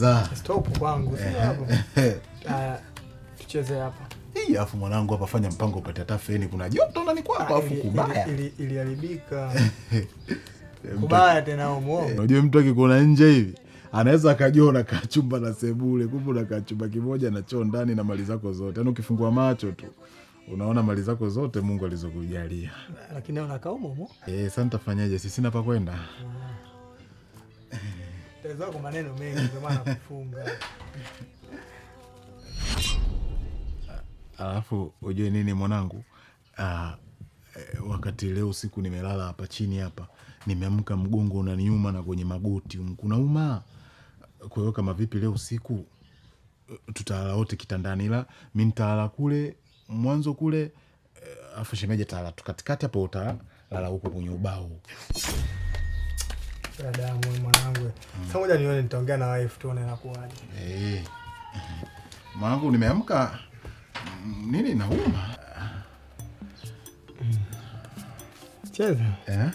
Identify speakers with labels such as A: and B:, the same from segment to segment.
A: Unacheza
B: stop kwangu, eh, eh, eh. Ah, tucheze hapa
A: hii. Afu mwanangu hapa, fanya mpango upate hata feni, kuna joto ndani kwako, ah, afu kubaya
B: iliharibika kubaya tena umo.
A: Unajua mtu akikuona nje hivi anaweza akajiona kachumba na sebule, kumbe na kachumba kimoja na choo ndani na mali zako zote, yaani ukifungua macho tu unaona mali zako zote Mungu alizokujalia. Ah, lakini unakaa eh, sasa nitafanyaje? Sisi sina pa kwenda.
B: Kazi maneno mengi ndio maana kufunga.
A: Alafu ujue nini mwanangu? uh, wakati leo usiku nimelala hapa chini hapa, nimeamka mgongo unaniuma na kwenye magoti kunauma. Kwa hiyo kama vipi leo usiku tutalala wote kitandani, ila mi nitalala kule mwanzo kule, eh, afu shemeji atalala tu katikati hapo, utalala huko kwenye ubao.
B: Dada mwanangu. Sasa ngoja nione nitaongea na wife tuone inakuwaje.
A: Eh. Mwanangu nimeamka nini nauma? Cheza. Eh?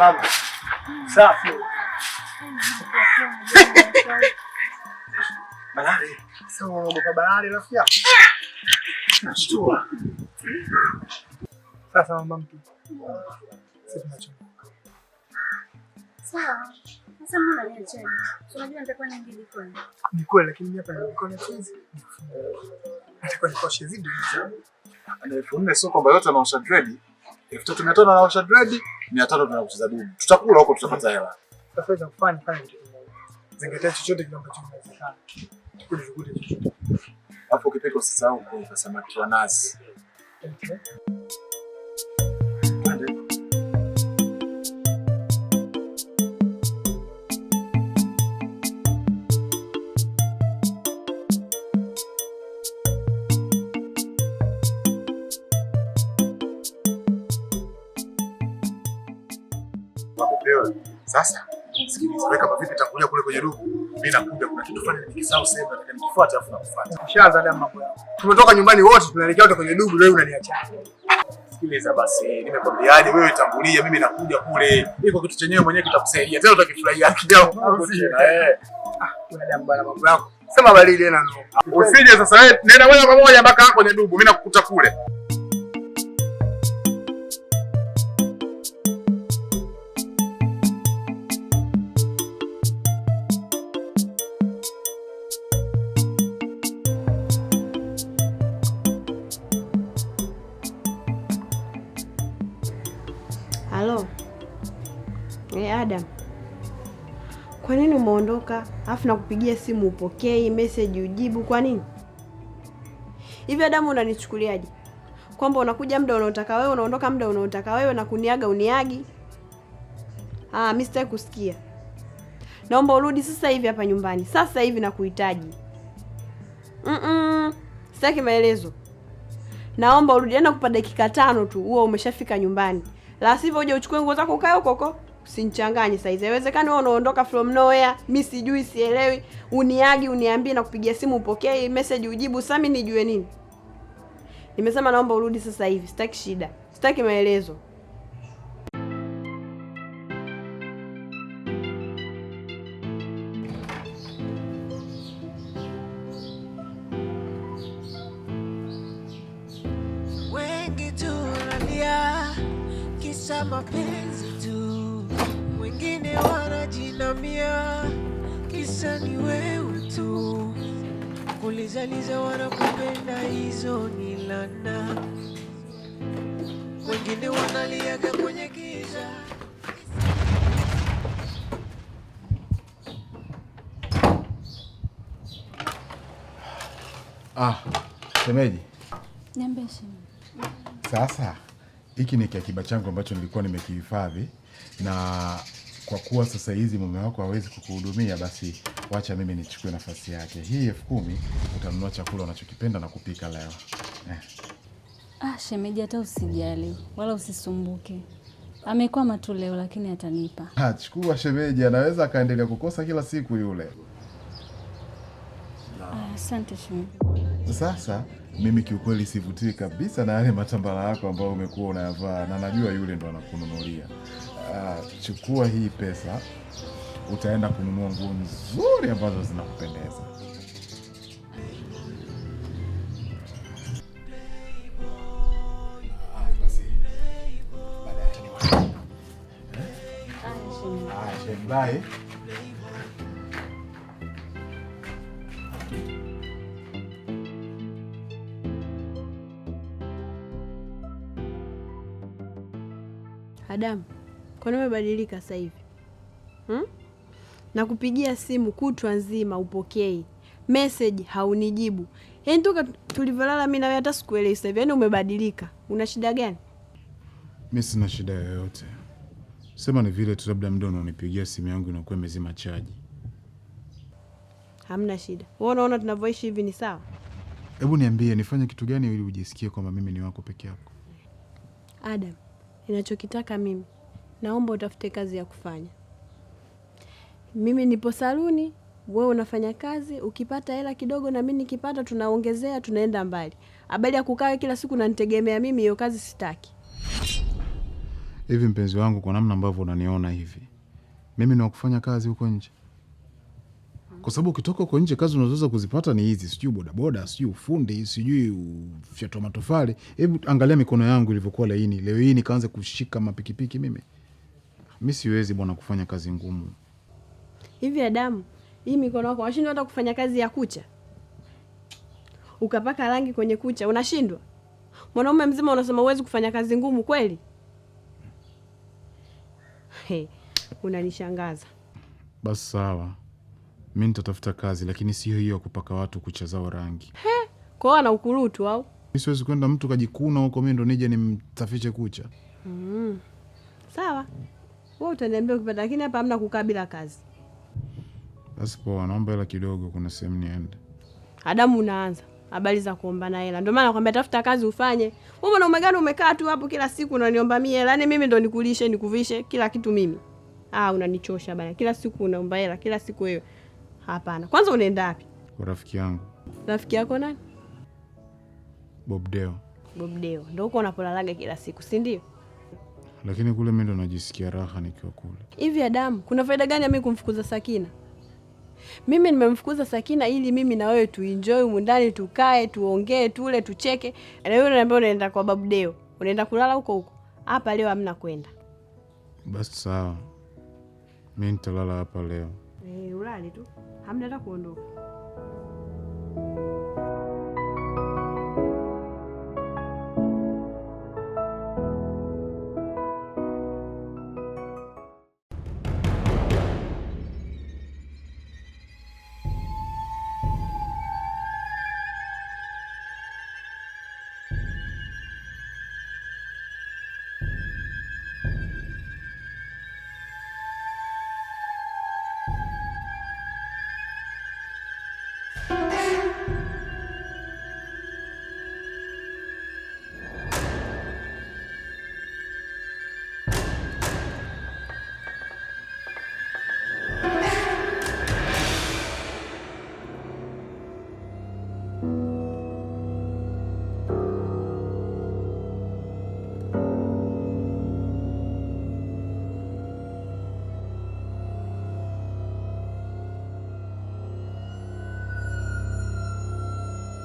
A: Mama safi. Balale,
B: sasa unaogopa balale rafiki yako?
A: Nashtua.
B: Sasa mama mtu. Sasa tunachomoka. Sawa. Ni kweli lakini hapa nikona chizi. Nitakuwa nikoshe zidi.
A: Ana elfu nne sio kwamba yote anaosha gredi elfu tatu mia tano anaosha dredi, mia tano tunakucheza dumu, tutakula huko, tutapata hela. Zingatia alafu ukipika usisahau kuweka samaki wa nazi. mapepeo. Sasa sikiliza, weka mavipi, tangulia kule kwenye dumu. Mimi nakuja, kuna kitu fulani nikisahau sema, nataka nikufuate, afu nakufuata.
B: Ushaanza leo mambo yako.
A: Tumetoka nyumbani wote, tunaelekea wote kwenye dumu, wewe unaniacha. Sikiliza basi, nimekwambiaje? Wewe tangulia, mimi nakuja kule. Iko kitu chenyewe mwenyewe kitakusaidia, tena utakifurahia kidogo.
B: Eh, ah, unadamu bwana, mambo yako.
A: Sema bali ile na. Usije sasa, wewe eh, nenda moja kwa moja mpaka kwenye dumu, mimi nakukuta kule.
C: unachoka, afu nakupigia simu upokei, message ujibu. Kwa nini hivi? Adamu, unanichukuliaje kwamba unakuja muda unaotaka wewe, unaondoka muda unaotaka wewe na kuniaga uniagi? Ah, mimi sitaki kusikia. Naomba urudi sasa hivi hapa nyumbani, sasa hivi nakuhitaji. mm -mm, sitaki maelezo, naomba urudi. Yaani nakupa dakika tano tu, huo umeshafika nyumbani, la sivyo uje uchukue nguo zako ukae huko huko. Usinichanganye saizi, haiwezekani. Wewe unaondoka from nowhere, mi sijui, sielewi, uniagi uniambie, na kupigia simu upokee, message ujibu. sami nijue nini? Nimesema naomba urudi sasa hivi, sitaki shida, sitaki maelezo. Wengi tu kisa mapenzi kuniambia
A: kisa ni wewe tu. Kulizaliza wanakupenda, hizo ni lana. Wengine wanaliaga kwenye giza. Ah, shemeji.
D: Niambie shemeji.
A: Sasa hiki ni kiakiba changu ambacho nilikuwa nimekihifadhi na kwa kuwa sasa hizi mume wako hawezi kukuhudumia, basi wacha mimi nichukue nafasi yake. Hii elfu kumi utanunua chakula unachokipenda na kupika leo eh.
D: Ah, shemeji, hata usijali wala usisumbuke, amekwama tu leo, lakini atanipa. Ah,
A: chukua shemeji, anaweza akaendelea kukosa kila siku yule.
D: Ah, asante ah, shemeji.
A: Sasa mimi kiukweli sivutii kabisa na yale matambara yako ambayo umekuwa unayavaa, na najua yule ndo anakununulia. Uh, chukua hii pesa, utaenda kununua nguo nzuri ambazo zinakupendeza.
C: Adamu, nini umebadilika sasa hivi hmm? Nakupigia simu kutwa nzima upokei, message haunijibu, yaani toka tulivyolala mimi wewe hata sikuelewi sasa hivi. Yaani umebadilika, una shida gani?
E: Mimi sina shida yoyote, sema ni vile tu labda muda unanipigia simu yangu inakuwa imezima chaji.
C: Hamna shida, wewe unaona tunavyoishi hivi ni sawa?
E: Hebu niambie nifanye kitu gani ili ujisikie kwamba mimi ni wako peke yako?
C: Adam, ninachokitaka mimi, naomba utafute kazi ya kufanya. Mimi nipo saluni, wewe unafanya kazi, ukipata hela kidogo na mimi nikipata, tunaongezea, tunaenda mbali. Habari ya kukaa kila siku nanitegemea mimi, hiyo kazi sitaki.
E: Hivi mpenzi wangu, kwa namna ambavyo unaniona hivi, mimi ni wa kufanya kazi huko nje kwa sababu ukitoka huko nje kazi unazoweza kuzipata ni hizi, sijui bodaboda, sijui ufundi, sijui ufyatua matofali. Hebu angalia mikono yangu ilivyokuwa laini, leo hii nikaanza kushika mapikipiki mimi. Mi siwezi bwana kufanya kazi ngumu
C: hivi. Adamu, hii mikono yako unashindwa hata kufanya kazi ya kucha, ukapaka rangi kwenye kucha unashindwa? Mwanaume mzima unasema uwezi kufanya kazi ngumu kweli? Hey, unanishangaza.
E: Basi sawa Mi nitatafuta kazi, lakini sio hiyo ya kupaka watu kucha zao rangi.
C: He, kwao ana ukurutu au? Mi
E: siwezi kwenda mtu kajikuna huko, mi ndo nije nimtafiche kucha.
C: Mm. Sawa, wewe utaniambia ukipata, lakini hapa hamna kukaa bila kazi.
E: Basi poa, naomba hela kidogo, kuna sehemu niende.
C: Adamu unaanza habari za kuombana hela. Ndio maana nakwambia tafuta kazi ufanye. Wewe mwanaume gani umekaa tu hapo kila siku unaniomba mimi hela? Yani mimi ndo nikulishe, nikuvishe, kila kitu mimi. Ah, unanichosha bana. Kila siku unaomba hela, kila siku wewe. Hapana. Kwanza unaenda wapi?
E: Kwa rafiki yangu.
C: Rafiki yako nani? Bobdeo. Bobdeo ndio huko unapolalaga kila siku, si ndio?
E: Lakini kule mimi ndo najisikia raha nikiwa kule.
C: Hivi Adamu, kuna faida gani ya mimi kumfukuza Sakina? Mimi nimemfukuza Sakina ili mimi na wewe tuenjoy humu ndani, tukae, tuongee, tule, tucheke. Na wewe unaniambia unaenda kwa Bobdeo, unaenda kulala huko huko. Hapa leo hamna kwenda.
E: Basi sawa, mimi nitalala hapa leo.
C: Eh, ulale tu. hamlera kuondoka.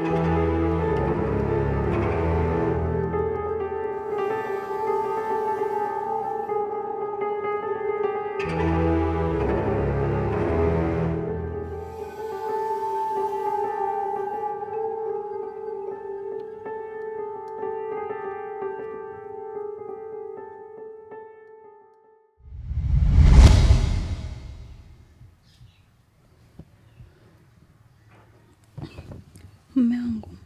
D: Thank you. Mume wangu,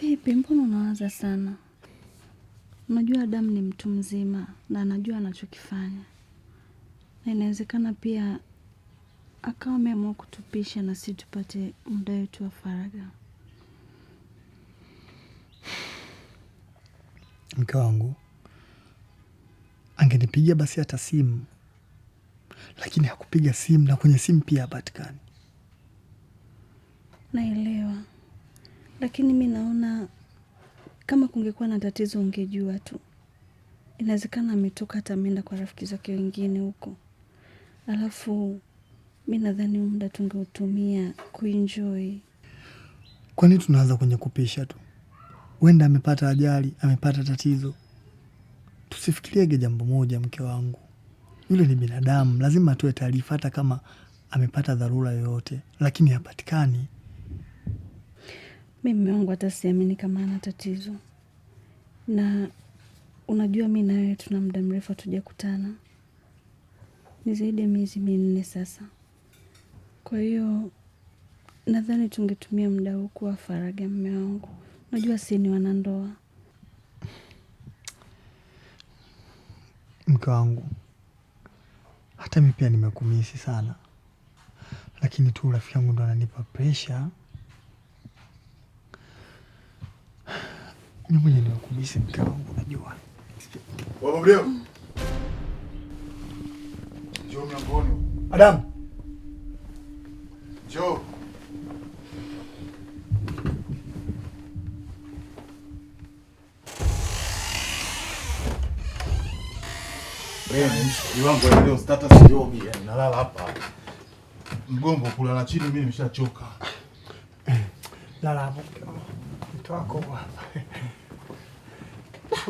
D: vipi? Mbona unawaza sana? Unajua Adamu ni mtu mzima na anajua anachokifanya, na inawezekana pia akawa ameamua kutupisha na si tupate muda wetu wa faraga
B: Mke wangu angenipigia basi hata simu, lakini hakupiga simu, na kwenye simu pia hapatikani
D: naelewa, lakini mi naona kama kungekuwa na tatizo ungejua tu. Inawezekana ametoka hata ameenda kwa rafiki zake wengine huko, alafu mi nadhani muda tungeutumia kuenjoy.
B: Kwani tunaanza kwenye kupisha tu? Huenda amepata ajali, amepata tatizo. Tusifikiriege jambo moja, mke wangu yule ni binadamu, lazima atoe taarifa, hata kama amepata dharura yoyote, lakini hapatikani
D: Mume wangu hata siamini kama ana tatizo, na unajua mi nawe tuna muda mrefu hatujakutana, ni zaidi ya miezi minne sasa. Kwa hiyo nadhani tungetumia muda huu kuwa faraga, mume wangu. Unajua si ni wanandoa.
B: Mke wangu, hata mi pia nimekumisi sana, lakini tu rafiki yangu ndo ananipa presha Mimi mwenyewe niwakubishi mke wangu, unajua.
A: Baba Mdeo. Njoo mlangoni. Adam. Njoo. Leo status jobi, nalala hapa. Mgombo kulala chini, mimi nimeshachoka. Eh,
B: lala hapo. mtu wako hapa.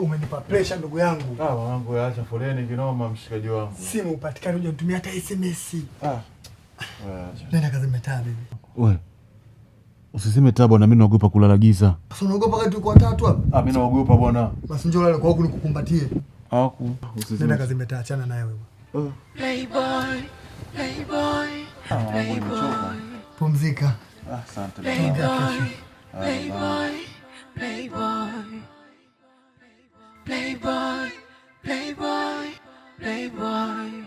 B: Umenipa pressure ndugu yangu. Ah,
A: wangu acha foleni kinoma mshikaji wangu. Simu
B: upatikane uje nitumie hata SMS. Ah. ah. Nenda kazi taa bibi.
A: Wewe. Usiseme taa bwana, mimi naogopa kulala giza. Sasa
B: unaogopa kati uko watatu hapa? Ah,
A: mimi naogopa bwana. Basi
B: njoo lale kwa huku nikukumbatie.
A: Haku. Usiseme.
B: Nenda kazi taa, achana naye wewe. Uh. Playboy. hey boy. Ah, Pumzika. Ah, asante. Hey Hey boy. boy. Hey boy. playboy.